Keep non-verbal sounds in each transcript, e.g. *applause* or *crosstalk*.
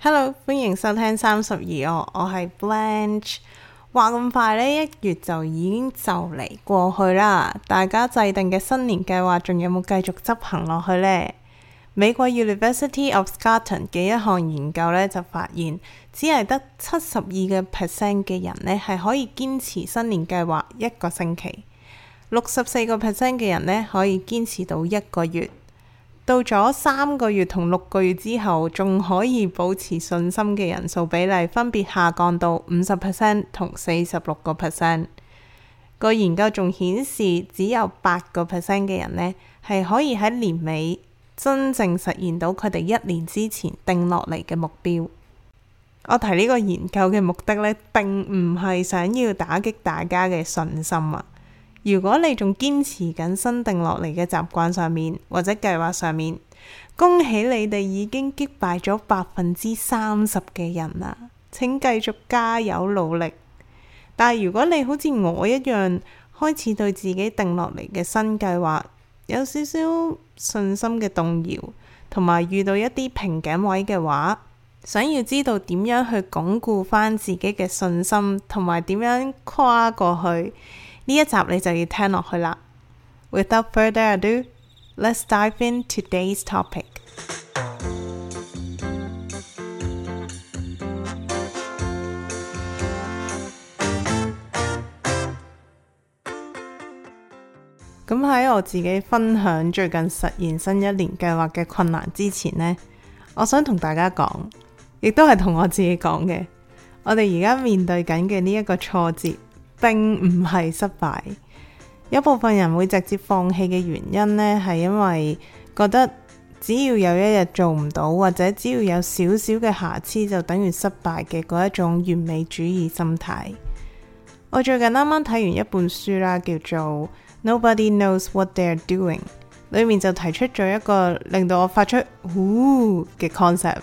Hello，歡迎收聽三十二哦，我係 Blanche。話咁快呢，一月就已經就嚟過去啦。大家制定嘅新年計劃仲有冇繼續執行落去呢？美國 University of Scranton 嘅一項研究呢，就發現只係得七十二個 percent 嘅人呢，係可以堅持新年計劃一個星期；六十四個 percent 嘅人呢，可以堅持到一個月。到咗三個月同六個月之後，仲可以保持信心嘅人數比例分別下降到五十 percent 同四十六個 percent。呢個研究仲顯示，只有八個 percent 嘅人呢，係可以喺年尾真正實現到佢哋一年之前定落嚟嘅目標。我提呢個研究嘅目的呢，並唔係想要打擊大家嘅信心啊。如果你仲堅持緊新定落嚟嘅習慣上面或者計劃上面，恭喜你哋已經擊敗咗百分之三十嘅人啦！請繼續加油努力。但係如果你好似我一樣，開始對自己定落嚟嘅新計劃有少少信心嘅動搖，同埋遇到一啲瓶頸位嘅話，想要知道點樣去鞏固翻自己嘅信心，同埋點樣跨過去？呢一集你就要聽落去啦。Without further ado, let's dive into today's topic。嗯，咁喺我自己分享最近實現新一年計劃嘅困難之前呢，我想同大家講，亦都係同我自己講嘅，我哋而家面對緊嘅呢一個挫折。並唔係失敗，有部分人會直接放棄嘅原因呢，係因為覺得只要有一日做唔到，或者只要有少少嘅瑕疵，就等於失敗嘅嗰一種完美主義心態。我最近啱啱睇完一本書啦，叫做《Nobody Knows What They Are Doing》，裏面就提出咗一個令到我發出“呼”嘅 concept。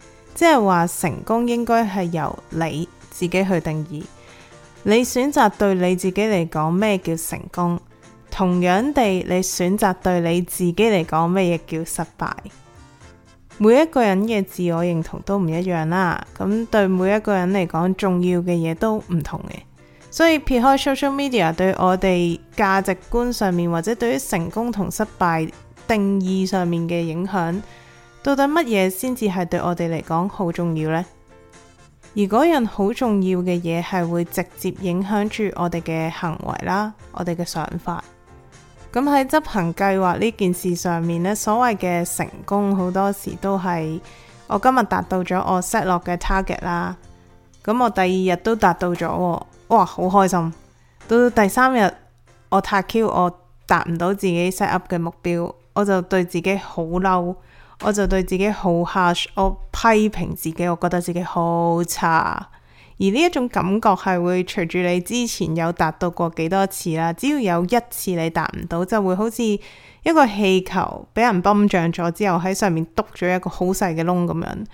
即係話成功應該係由你自己去定義，你選擇對你自己嚟講咩叫成功，同樣地你選擇對你自己嚟講咩嘢叫失敗。每一個人嘅自我認同都唔一樣啦，咁對每一個人嚟講重要嘅嘢都唔同嘅，所以撇開 social media 對我哋價值觀上面或者對於成功同失敗定義上面嘅影響。到底乜嘢先至係對我哋嚟講好重要呢？而嗰樣好重要嘅嘢係會直接影響住我哋嘅行為啦，我哋嘅想法。咁喺執行計劃呢件事上面呢，所謂嘅成功好多時都係我今日達到咗我 set 落嘅 target 啦。咁我第二日都達到咗，哇，好開心。到第三日我撻 Q，我達唔到自己 set up 嘅目標，我就對自己好嬲。我就對自己好 hush，我批評自己，我覺得自己好差。而呢一種感覺係會隨住你之前有達到過幾多次啦。只要有一次你達唔到，就會好似一個氣球俾人泵脹咗之後喺上面篤咗一個好細嘅窿咁樣，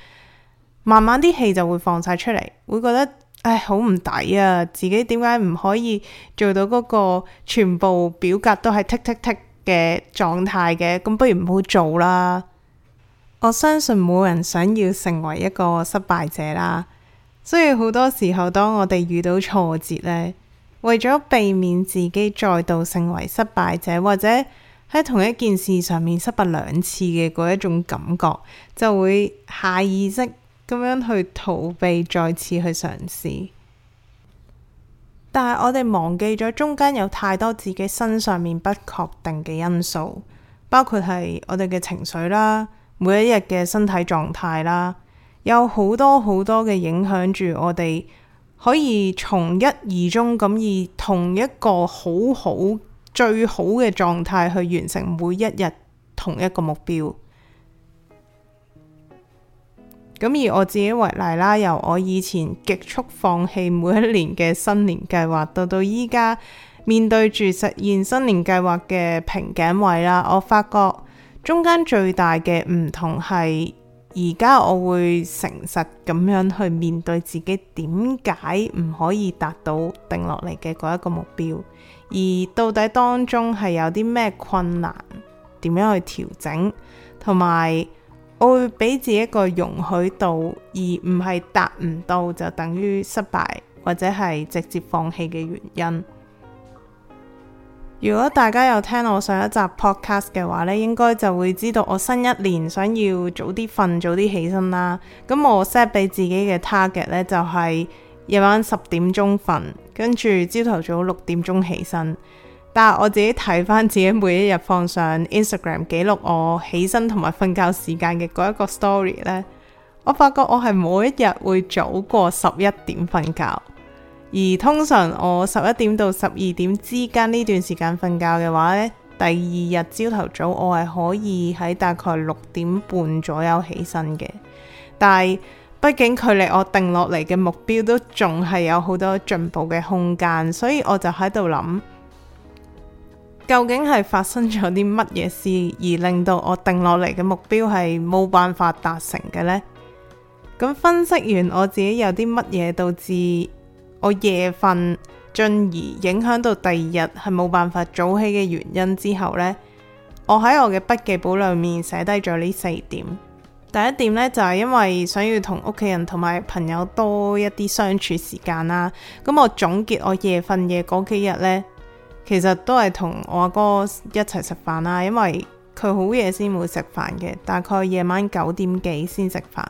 慢慢啲氣就會放晒出嚟，會覺得唉好唔抵啊！自己點解唔可以做到嗰個全部表格都係剔剔剔嘅狀態嘅？咁不如唔好做啦。我相信冇人想要成為一個失敗者啦，所以好多時候當我哋遇到挫折咧，為咗避免自己再度成為失敗者，或者喺同一件事上面失敗兩次嘅嗰一種感覺，就會下意識咁樣去逃避再次去嘗試。但係我哋忘記咗中間有太多自己身上面不確定嘅因素，包括係我哋嘅情緒啦。每一日嘅身體狀態啦，有好多好多嘅影響住我哋，可以從一而終咁以同一個好好最好嘅狀態去完成每一日同一個目標。咁而我自己為例啦，由我以前極速放棄每一年嘅新年計劃，到到依家面對住實現新年計劃嘅瓶頸位啦，我發覺。中間最大嘅唔同係，而家我會誠實咁樣去面對自己，點解唔可以達到定落嚟嘅嗰一個目標？而到底當中係有啲咩困難？點樣去調整？同埋我會俾自己一個容許度，而唔係達唔到就等於失敗，或者係直接放棄嘅原因。如果大家有聽我上一集 podcast 嘅話呢，應該就會知道我新一年想要早啲瞓、早啲起身啦。咁我 set 俾自己嘅 target 呢，就係夜晚十點鐘瞓，跟住朝頭早六點鐘起身。但係我自己睇返自己每一日放上 Instagram 記錄我起身同埋瞓覺時間嘅嗰一個 story 呢，我發覺我係每一日會早過十一點瞓覺。而通常我十一點到十二點之間呢段時間瞓覺嘅話，呢第二日朝頭早我係可以喺大概六點半左右起身嘅。但係畢竟距離我定落嚟嘅目標都仲係有好多進步嘅空間，所以我就喺度諗究竟係發生咗啲乜嘢事，而令到我定落嚟嘅目標係冇辦法達成嘅呢？咁分析完我自己有啲乜嘢導致我夜瞓，進而影響到第二日係冇辦法早起嘅原因，之後呢，我喺我嘅筆記簿裏面寫低咗呢四點。第一點呢，就係、是、因為就係因為想要同屋企人同埋朋友多一啲相處時間啦。咁我總結我夜瞓夜嗰幾日呢，其實都係同我阿哥一齊食飯啦，因為，佢好夜先會食飯嘅，大概夜晚九點幾先食飯，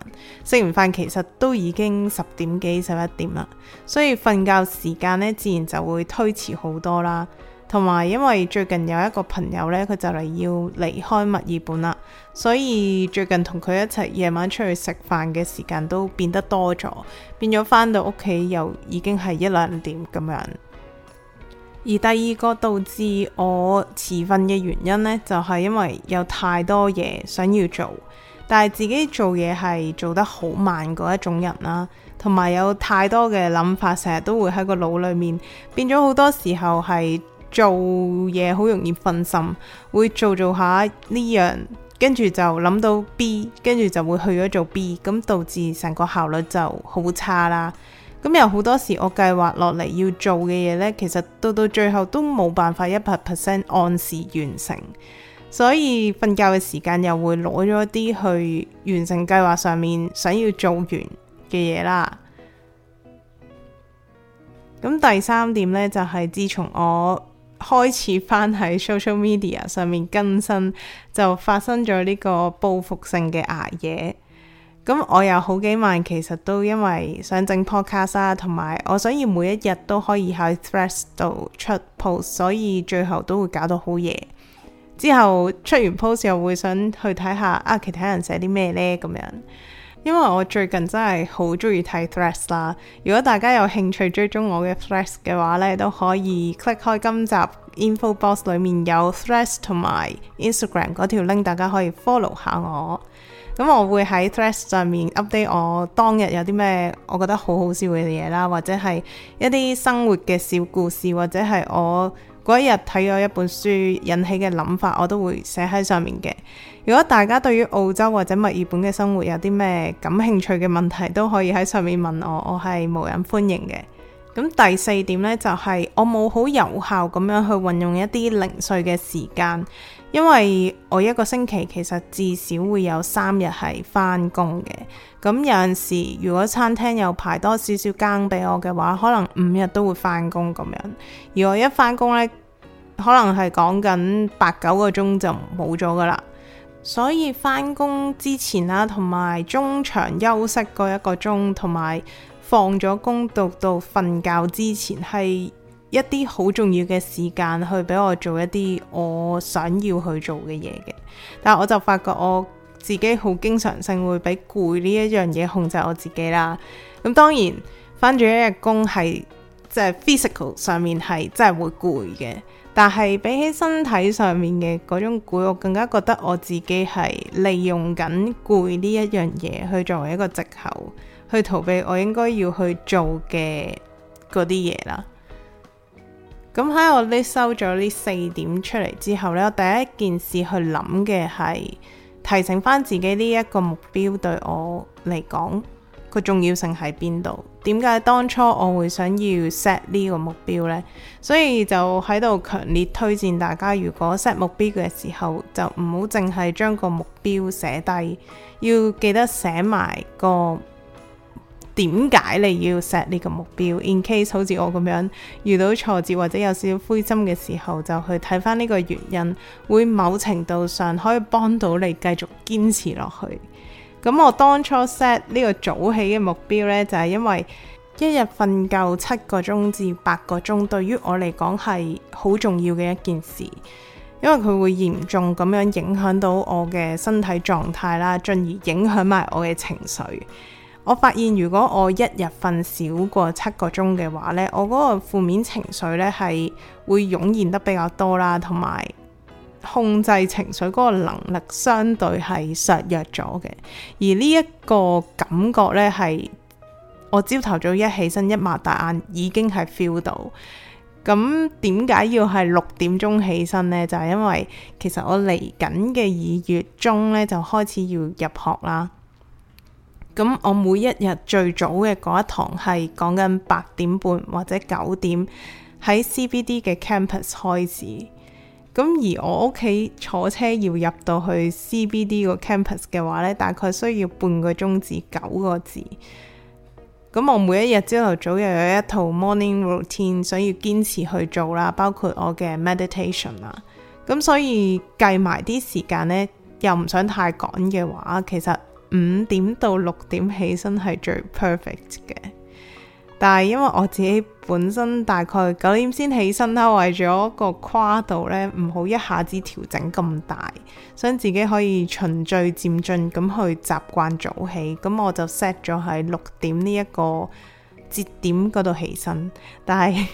食完飯其實都已經十點幾十一點啦，所以瞓覺時間呢自然就會推遲好多啦。同埋因為最近有一個朋友呢，佢就嚟要離開墨爾本啦，所以最近同佢一齊夜晚出去食飯嘅時間都變得多咗，變咗返到屋企又已經係一兩點咁樣。而第二個導致我遲瞓嘅原因呢，就係、是、因為有太多嘢想要做，但係自己做嘢係做得好慢嗰一種人啦，同埋有太多嘅諗法，成日都會喺個腦裡面，變咗好多時候係做嘢好容易分心，會做做下呢樣，跟住就諗到 B，跟住就會去咗做 B，咁導致成個效率就好差啦。咁有好多時，我計劃落嚟要做嘅嘢呢，其實到到最後都冇辦法一百 percent 按時完成，所以瞓覺嘅時間又會攞咗啲去完成計劃上面想要做完嘅嘢啦。咁第三點呢，就係、是、自從我開始返喺 social media 上面更新，就發生咗呢個報復性嘅捱夜。咁我有好幾萬，其實都因為想整 podcast 啊，同埋我想要每一日都可以喺 Threads 度出 post，所以最後都會搞到好夜。之後出完 post 又會想去睇下啊，其他人寫啲咩呢？咁樣。因為我最近真係好鍾意睇 Threads 啦。如果大家有興趣追蹤我嘅 Threads 嘅話呢，都可以 click 開今集 info box，裡面有 Threads 同埋 Instagram 嗰條 link，大家可以 follow 下我。咁我會喺 Threads 上面 update 我當日有啲咩我覺得好好笑嘅嘢啦，或者係一啲生活嘅小故事，或者係我嗰一日睇咗一本書引起嘅諗法，我都會寫喺上面嘅。如果大家對於澳洲或者墨爾本嘅生活有啲咩感興趣嘅問題，都可以喺上面問我，我係無人歡迎嘅。咁第四點呢，就係我冇好有效咁樣去運用一啲零碎嘅時間。因為我一個星期其實至少會有三日係翻工嘅，咁有陣時如果餐廳又排多少少更俾我嘅話，可能五日都會翻工咁樣。而我一翻工呢，可能係講緊八九個鐘就冇咗噶啦。所以翻工之前啦，同埋中場休息嗰一個鐘，同埋放咗工到到瞓覺之前係，一啲好重要嘅時間去俾我做一啲我想要去做嘅嘢嘅，但係我就發覺我自己好經常性會俾攰呢一樣嘢控制我自己啦。咁當然返咗一日工係即係 physical 上面係真係會攰嘅，但係比起身體上面嘅嗰種攰，我更加覺得我自己係利用緊攰呢一樣嘢去作為一個借口去逃避我應該要去做嘅嗰啲嘢啦。咁喺我呢收咗呢四點出嚟之後呢，我第一件事去諗嘅係提醒翻自己呢一個目標對我嚟講個重要性喺邊度？點解當初我會想要 set 呢個目標呢？所以就喺度強烈推薦大家，如果 set 目標嘅時候，就唔好淨係將個目標寫低，要記得寫埋個。點解你要 set 呢個目標？In case 好似我咁樣遇到挫折或者有少少灰心嘅時候，就去睇翻呢個原因，會某程度上可以幫到你繼續堅持落去。咁我當初 set 呢個早起嘅目標呢，就係因為一日瞓夠七個鐘至八個鐘，對於我嚟講係好重要嘅一件事，因為佢會嚴重咁樣影響到我嘅身體狀態啦，進而影響埋我嘅情緒。我發現，如果我一日瞓少過七個鐘嘅話呢，我嗰個負面情緒呢係會湧現得比較多啦，同埋控制情緒嗰個能力相對係削弱咗嘅。而呢一個感覺呢，係我朝頭早一起身一擘大眼已經係 feel 到。咁點解要係六點鐘起身呢？就係因為其實我嚟緊嘅二月中呢，就開始要入學啦。咁我每一日最早嘅嗰一堂係講緊八點半或者九點喺 CBD 嘅 campus 開始。咁而我屋企坐車要入到去 CBD 個 campus 嘅話呢，大概需要半個鐘至九個字。咁我每一日朝頭早又有一套 morning routine，所以堅持去做啦，包括我嘅 meditation 啦。咁所以計埋啲時間呢，又唔想太趕嘅話，其實。五點到六點起身係最 perfect 嘅，但係因為我自己本身大概九點先起身啦，為咗個跨度呢，唔好一下子調整咁大，想自己可以循序漸進咁去習慣早起，咁我就 set 咗喺六點呢 *laughs* 一個節點嗰度起身，但係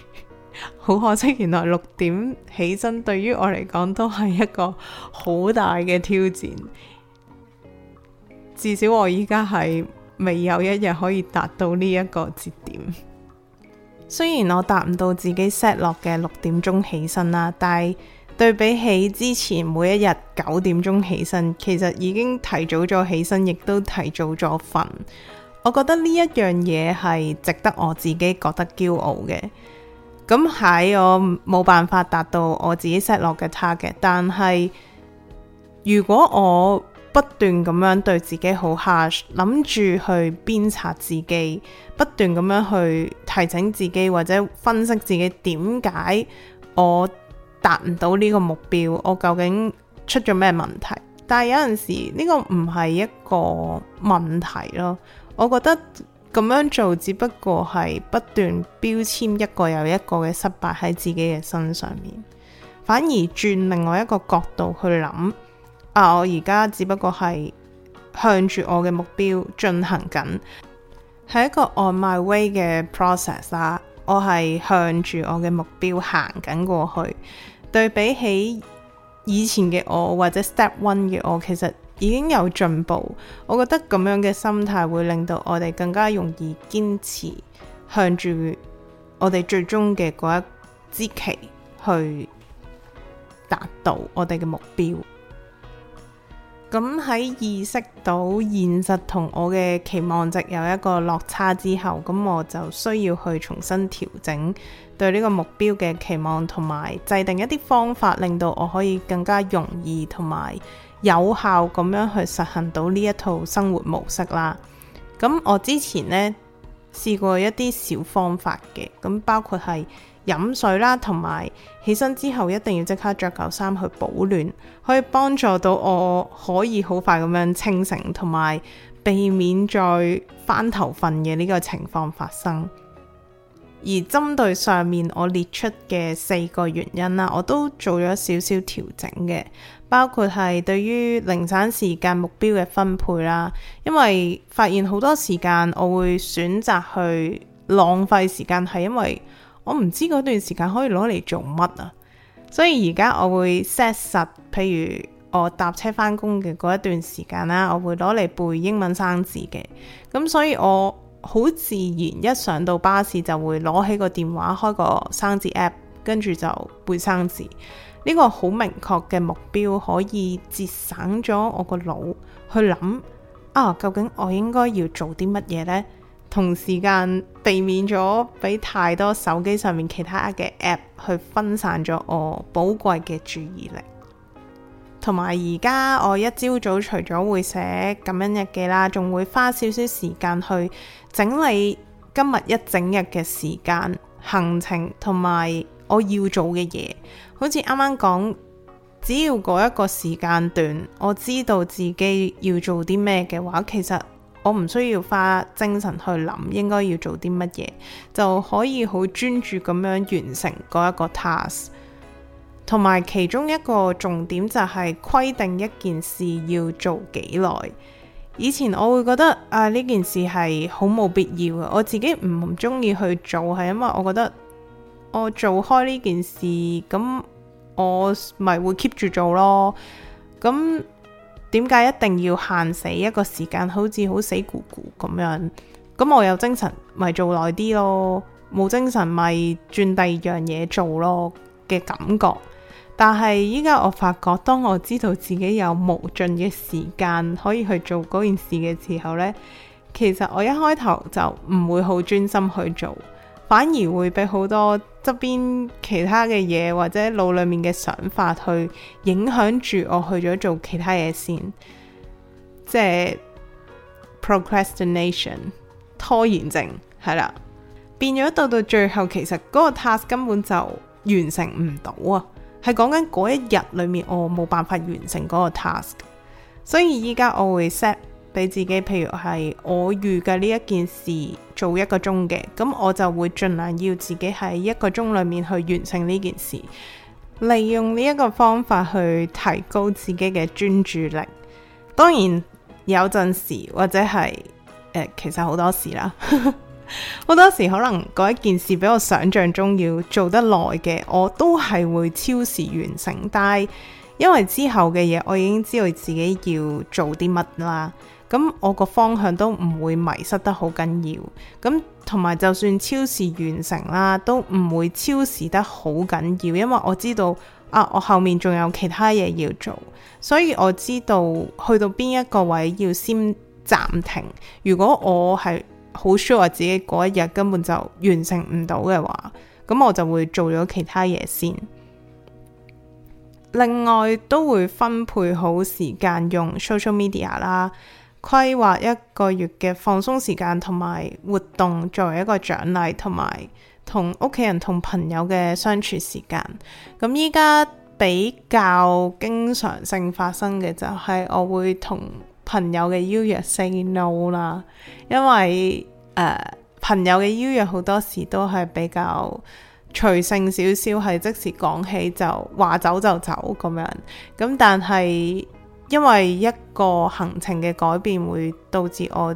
好可惜，原來六點起身對於我嚟講都係一個好大嘅挑戰。至少我依家係未有一日可以達到呢一個節點。雖然我達唔到自己 set 落嘅六點鐘起身啦，但係對比起之前每一日九點鐘起身，其實已經提早咗起身，亦都提早咗瞓。我覺得呢一樣嘢係值得我自己覺得驕傲嘅。咁喺我冇辦法達到我自己 set 落嘅 target，但係如果我不斷咁樣對自己好 hard，諗住去鞭策自己，不斷咁樣去提醒自己，或者分析自己點解我達唔到呢個目標，我究竟出咗咩問題？但係有陣時呢個唔係一個問題咯，我覺得咁樣做只不過係不斷標籤一個又一個嘅失敗喺自己嘅身上面，反而轉另外一個角度去諗。啊！我而家只不過係向住我嘅目標進行緊，係一個 on my way 嘅 process 啦。我係向住我嘅目標行緊過去。對比起以前嘅我或者 step one 嘅我，其實已經有進步。我覺得咁樣嘅心態會令到我哋更加容易堅持向住我哋最終嘅嗰一支旗去達到我哋嘅目標。咁喺意識到現實同我嘅期望值有一個落差之後，咁我就需要去重新調整對呢個目標嘅期望，同埋制定一啲方法，令到我可以更加容易同埋有效咁樣去實行到呢一套生活模式啦。咁我之前呢，試過一啲小方法嘅，咁包括係飲水啦，同埋起身之後一定要即刻着厚衫去保暖，可以幫助到我可以好快咁樣清醒，同埋避免再翻頭瞓嘅呢個情況發生。而針對上面我列出嘅四個原因啦，我都做咗少少調整嘅。包括係對於零散時間目標嘅分配啦，因為發現好多時間我會選擇去浪費時間，係因為我唔知嗰段時間可以攞嚟做乜啊，所以而家我會 set 實，譬如我搭車返工嘅嗰一段時間啦，我會攞嚟背英文生字嘅，咁所以我好自然一上到巴士就會攞起個電話開個生字 app。跟住就背生字呢個好明確嘅目標，可以節省咗我個腦去諗啊。究竟我應該要做啲乜嘢呢？同時間避免咗俾太多手機上面其他嘅 app 去分散咗我寶貴嘅注意力。同埋而家我一朝早除咗會寫感恩日記啦，仲會花少少時間去整理今日一整日嘅時間行程，同埋。我要做嘅嘢，好似啱啱講，只要嗰一個時間段，我知道自己要做啲咩嘅話，其實我唔需要花精神去諗應該要做啲乜嘢，就可以好專注咁樣完成嗰一個 task。同埋其中一個重點就係規定一件事要做幾耐。以前我會覺得啊，呢件事係好冇必要嘅，我自己唔中意去做，係因為我覺得。我做開呢件事，咁我咪會 keep 住做咯。咁點解一定要限死一個時間？好似好死咕咕咁樣。咁我有精神咪做耐啲咯，冇精神咪轉第二樣嘢做咯嘅感覺。但係依家我發覺，當我知道自己有無盡嘅時間可以去做嗰件事嘅時候呢，其實我一開頭就唔會好專心去做。反而會俾好多側邊其他嘅嘢，或者腦裡面嘅想法去影響住我去咗做其他嘢先，即係 procrastination 拖延症係啦，變咗到到最後，其實嗰個 task 根本就完成唔到啊！係講緊嗰一日裡面，我冇辦法完成嗰個 task，所以依家我會 set。俾自己，譬如係我預計呢一件事做一個鐘嘅，咁我就會盡量要自己喺一個鐘裏面去完成呢件事，利用呢一個方法去提高自己嘅專注力。當然有陣時或者係，呃，其實好多時啦，好 *laughs* 多時可能嗰一件事比我想象中要做得耐嘅，我都係會超時完成。但係因為之後嘅嘢，我已經知道自己要做啲乜啦。咁我個方向都唔會迷失得好緊要，咁同埋就算超時完成啦，都唔會超時得好緊要，因為我知道啊，我後面仲有其他嘢要做，所以我知道去到邊一個位要先暫停。如果我係好 sure 自己嗰一日根本就完成唔到嘅話，咁我就會做咗其他嘢先。另外都會分配好時間用 social media 啦。規劃一個月嘅放鬆時間同埋活動作為一個獎勵，同埋同屋企人同朋友嘅相處時間。咁依家比較經常性發生嘅就係我會同朋友嘅邀約 say no 啦，因為誒、呃、朋友嘅邀約好多時都係比較隨性少少，係即時講起就話走就走咁樣。咁但係。因為一個行程嘅改變會導致我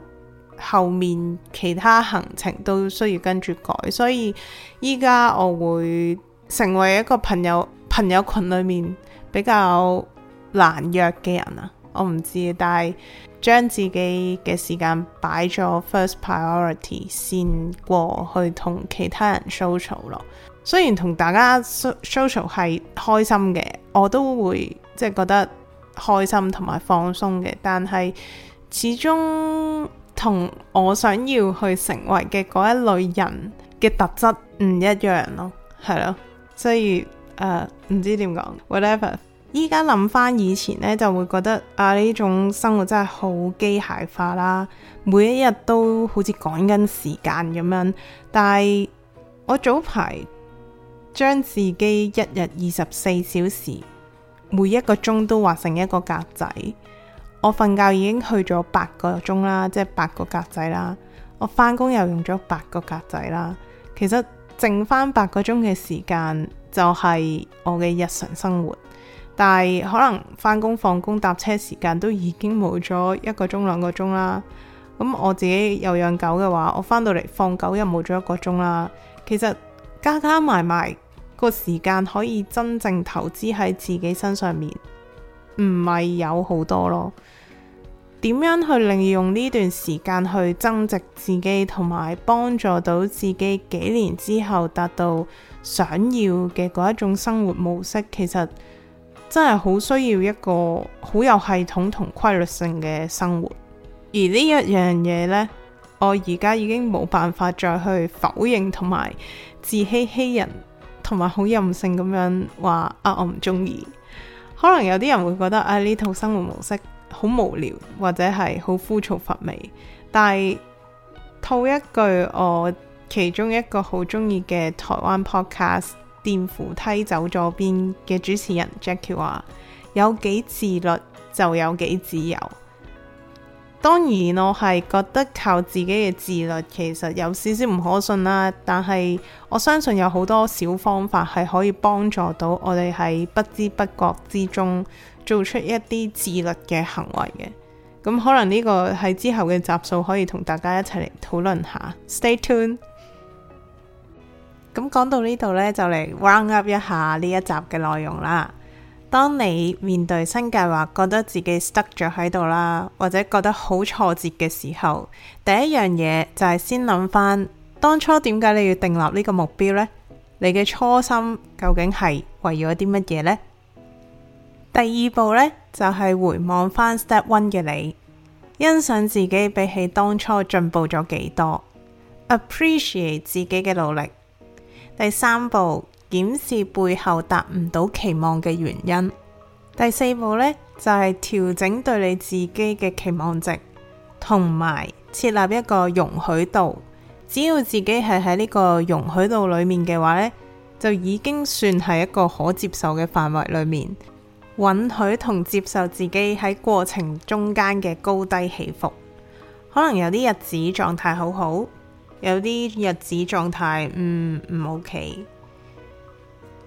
後面其他行程都需要跟住改，所以依家我會成為一個朋友朋友羣裡面比較難約嘅人啊。我唔知，但係將自己嘅時間擺咗 first priority 先過去同其他人 social 咯。雖然同大家 social 係開心嘅，我都會即係、就是、覺得。開心同埋放鬆嘅，但係始終同我想要去成為嘅嗰一類人嘅特質唔一樣咯，係咯，所以誒、呃、唔知點講。Whatever，依家諗翻以前呢，就會覺得啊呢種生活真係好機械化啦，每一日都好似趕緊時間咁樣。但係我早排將自己一日二十四小時，每一個鐘都劃成一個格仔，我瞓覺已經去咗八個鐘啦，即係八個格仔啦。我翻工又用咗八個格仔啦。其實剩翻八個鐘嘅時間就係我嘅日常生活，但係可能翻工、放工、搭車時間都已經冇咗一個鐘兩個鐘啦。咁我自己又養狗嘅話，我翻到嚟放狗又冇咗一個鐘啦。其實加加埋埋。個時間可以真正投資喺自己身上面，唔係有好多咯。點樣去利用呢段時間去增值自己，同埋幫助到自己幾年之後達到想要嘅嗰一種生活模式，其實真係好需要一個好有系統同規律性嘅生活。而呢一樣嘢呢，我而家已經冇辦法再去否認同埋自欺欺人。同埋好任性咁樣話啊，我唔中意。可能有啲人會覺得啊，呢套生活模式好無聊，或者係好枯燥乏味。但係套一句我其中一個好中意嘅台灣 podcast《電扶梯走左邊》嘅主持人 Jackie 話：有幾自律就有幾自由。當然，我係覺得靠自己嘅自律其實有少少唔可信啦。但係我相信有好多小方法係可以幫助到我哋喺不知不覺之中做出一啲自律嘅行為嘅。咁可能呢個係之後嘅集數可以同大家一齊嚟討論下。Stay tuned。咁講到呢度呢，就嚟 round up 一下呢一集嘅內容啦。當你面對新計劃，覺得自己 stuck 咗喺度啦，或者覺得好挫折嘅時候，第一樣嘢就係先諗返：「當初點解你要定立呢個目標呢？你嘅初心究竟係為咗啲乜嘢呢？」第二步呢，就係、是、回望返 step one 嘅你，欣賞自己比起當初進步咗幾多，appreciate 自己嘅努力。第三步。檢視背後達唔到期望嘅原因。第四步呢，就係調整對你自己嘅期望值，同埋設立一個容許度。只要自己係喺呢個容許度裏面嘅話呢，就已經算係一個可接受嘅範圍裏面，允許同接受自己喺過程中間嘅高低起伏。可能有啲日子狀態好好，有啲日子狀態唔唔 OK。嗯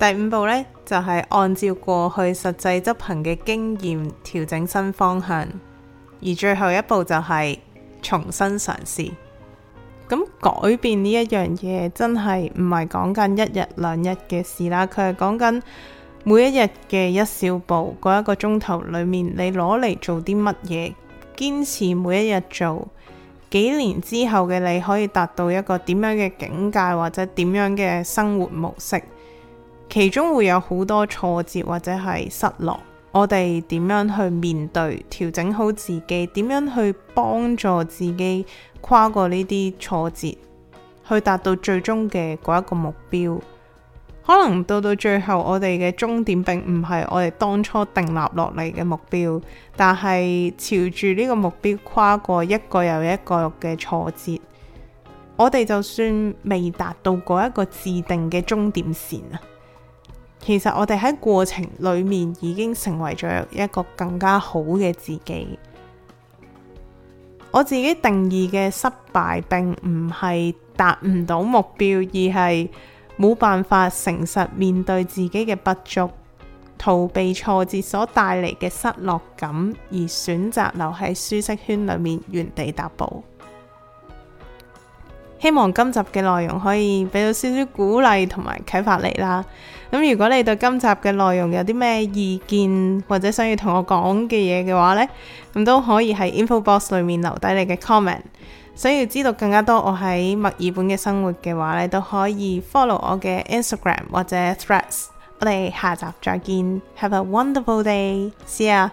第五步呢，就係按照過去實際執行嘅經驗調整新方向，而最後一步就係重新嘗試。咁改變呢一樣嘢真係唔係講緊一日兩日嘅事啦，佢係講緊每一日嘅一小步。嗰一個鐘頭裏面，你攞嚟做啲乜嘢？堅持每一日做，幾年之後嘅你可以達到一個點樣嘅境界，或者點樣嘅生活模式？其中會有好多挫折或者係失落，我哋點樣去面對、調整好自己？點樣去幫助自己跨過呢啲挫折，去達到最終嘅嗰一個目標？可能到到最後，我哋嘅終點並唔係我哋當初訂立落嚟嘅目標，但係朝住呢個目標跨過一個又一個嘅挫折，我哋就算未達到嗰一個制定嘅終點線啊，其實我哋喺過程裏面已經成為咗一個更加好嘅自己。我自己定義嘅失敗並唔係達唔到目標，而係冇辦法誠實面對自己嘅不足，逃避挫折所帶嚟嘅失落感，而選擇留喺舒適圈裏面原地踏步。希望今集嘅內容可以俾到少少鼓勵同埋啟發你啦。咁如果你對今集嘅內容有啲咩意見或者想要同我講嘅嘢嘅話呢，咁都可以喺 info box 裏面留低你嘅 comment。想要知道更加多我喺墨爾本嘅生活嘅話呢，都可以 follow 我嘅 Instagram 或者 Threads。我哋下集再見，Have a wonderful day，See ya。